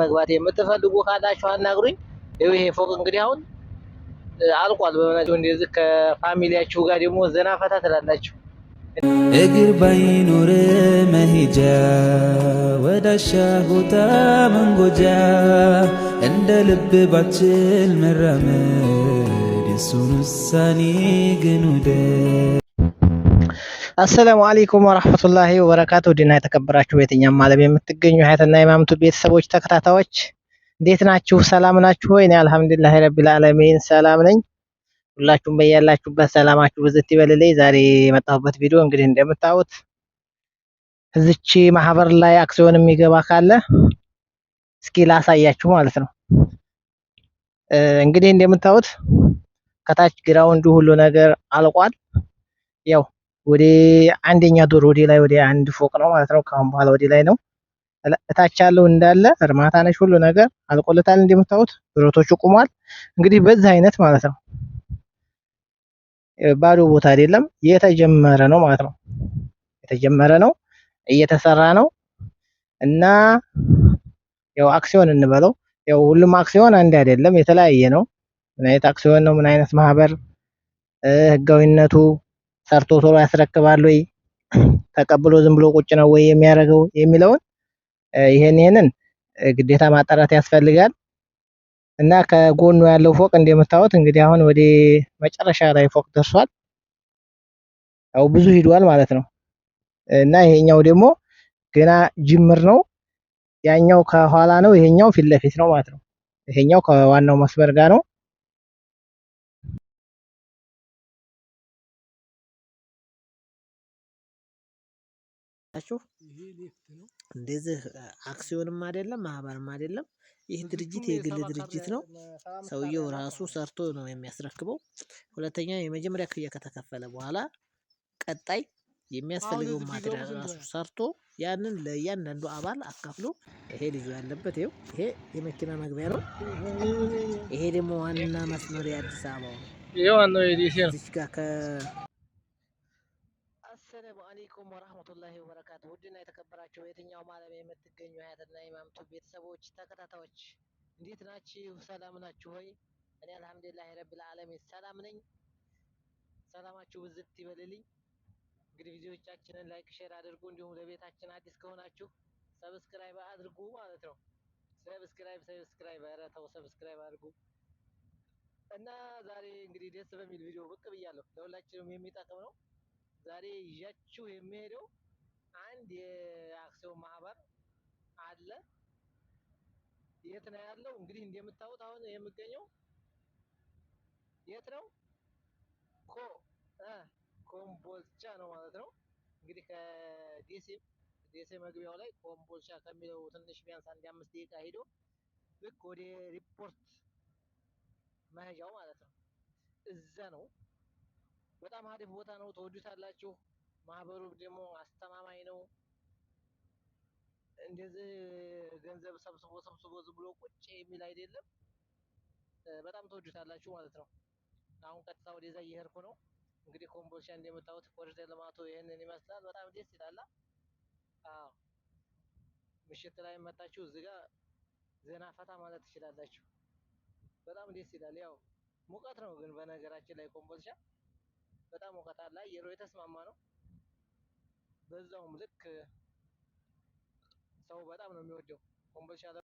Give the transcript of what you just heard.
መግባት የምትፈልጉ ካላችሁ አናግሩኝ። ይሄ ፎቅ እንግዲህ አሁን አልቋል። በመናቸው እንደዚህ ከፋሚሊያችሁ ጋር ደግሞ ዘና ፈታ ትላላችሁ። እግር ባይኖር መሄጃ ወዳሻ ቦታ መንጎጃ እንደ ልብ ባችል መራመድ የሱን ውሳኔ ግን ወደ አሰላሙ አሌይኩም ወራህመቱላሂ ወበረካቱ ድና የተከበራችሁ በየትኛውም ዓለም የምትገኙ ሀያትና የማምቱ ቤተሰቦች ተከታታዮች እንዴት ናችሁ? ሰላም ናችሁ ወይ? እኔ አልሐምዱሊላህ ረቢል ዓለሚን ሰላም ነኝ። ሁላችሁም በያላችሁበት ሰላማችሁ ብዝት ይበልልኝ። ዛሬ የመጣሁበት ቪዲዮ እንግዲህ እንደምታዩት እዚች ማህበር ላይ አክሲዮን የሚገባ ካለ እስኪ ላሳያችሁ ማለት ነው። እንግዲህ እንደምታዩት ከታች ግራውንዱ ሁሉ ነገር አልቋል። ያው ወደ አንደኛ ዶር ወደ ላይ ወደ አንድ ፎቅ ነው ማለት ነው። ካሁን በኋላ ወደ ላይ ነው። እታች ያለው እንዳለ እርማታ ነች። ሁሉ ነገር አልቆለታል። እንደምታዩት ብረቶቹ ቁሟል። እንግዲህ በዚህ አይነት ማለት ነው። ባዶ ቦታ አይደለም፣ የተጀመረ ነው ማለት ነው። የተጀመረ ነው፣ እየተሰራ ነው እና ያው አክሲዮን እንበለው ያው ሁሉም አክሲዮን አንድ አይደለም፣ የተለያየ ነው። ምን አይነት አክሲዮን ነው፣ ምን አይነት ማህበር ህጋዊነቱ ሰርቶ ቶሎ ያስረክባል ወይ ተቀብሎ ዝም ብሎ ቁጭ ነው ወይ የሚያደርገው የሚለውን ይሄን ይሄንን ግዴታ ማጣራት ያስፈልጋል። እና ከጎኑ ያለው ፎቅ እንደምታዩት እንግዲህ አሁን ወደ መጨረሻ ላይ ፎቅ ደርሷል። ያው ብዙ ሂዷል ማለት ነው። እና ይሄኛው ደግሞ ገና ጅምር ነው። ያኛው ከኋላ ነው፣ ይሄኛው ፊት ለፊት ነው ማለት ነው። ይሄኛው ከዋናው መስመር ጋር ነው። አመጣችሁ እንደዚህ አክሲዮንም አይደለም ማህበርም አይደለም። ይህ ድርጅት የግል ድርጅት ነው። ሰውየው ራሱ ሰርቶ ነው የሚያስረክበው። ሁለተኛ የመጀመሪያ ክፍያ ከተከፈለ በኋላ ቀጣይ የሚያስፈልገውን ማቴሪያል ራሱ ሰርቶ ያንን ለእያንዳንዱ አባል አካፍሎ ይሄ ልጁ ያለበት ይኸው፣ ይሄ የመኪና መግቢያ ነው። ይሄ ደግሞ ዋና መስመር የአዲስ አበባ ነው። ይሄ ዋናው የዲሲ ነው። አለይኩም ወራህመቱላሂ ወበረካቱ ውድና የተከበራችሁ የትኛውም ዓለም የምትገኙ ሀያትና ኢማምቱ ቤተሰቦች ተከታታዮች እንዴት ናችሁ? ሰላም ናችሁ ሆይ? እኔ አልሐምዱሊላህ ረብል ዓለሚን ሰላም ነኝ። ሰላማችሁ ብዝት ይበልልኝ። እንግዲህ ቪዲዮቻችንን ላይክ፣ ሼር አድርጉ። እንዲሁም ለቤታችን አዲስ ከሆናችሁ ሰብስክራይብ አድርጉ ማለት ነው። ሰብስክራይብ ሰብስክራይብ፣ ኧረ ተው ሰብስክራይብ አድርጉ እና ዛሬ እንግዲህ ደስ በሚል ቪዲዮ ብቅ ብያለሁ። ለሁላችንም የሚጠቅም ነው። ዛሬ ይዣችሁ የሚሄደው አንድ የአክሲዮን ማህበር አለ። የት ነው ያለው? እንግዲህ እንደምታዩት አሁን የምገኘው የት ነው? ኮ ኮምቦልቻ ነው ማለት ነው። እንግዲህ ከደሴ ደሴ መግቢያው ላይ ኮምቦልቻ ከሚለው ትንሽ ቢያንስ አንድ አምስት ደቂቃ ሄዶ ልክ ወደ ሪፖርት መሄጃው ማለት ነው እዛ ነው። በጣም አሪፍ ቦታ ነው። ተወዱታላችሁ። ማህበሩ ደግሞ አስተማማኝ ነው። እንደዚህ ገንዘብ ሰብስቦ ሰብስቦ ዝም ብሎ ቁጭ የሚል አይደለም። በጣም ተወዱታላችሁ ማለት ነው። አሁን ቀጥታ ወደዛ እየሄድኩ ነው። እንግዲህ ኮምቦልቻ እንደምታዩት ኮሪደር ልማቱ ይህንን ይመስላል። በጣም ደስ ይላል። አዎ ምሽት ላይ መጣችሁ እዚህ ጋር ዘና ፈታ ማለት ትችላላችሁ። በጣም ደስ ይላል። ያው ሙቀት ነው ግን በነገራችን ላይ ኮምቦልቻ በጣም ሙቀት አለ። አየሩ የተስማማ ነው። በዛውም ልክ ሰው በጣም ነው የሚወደው ኮምቦልቻ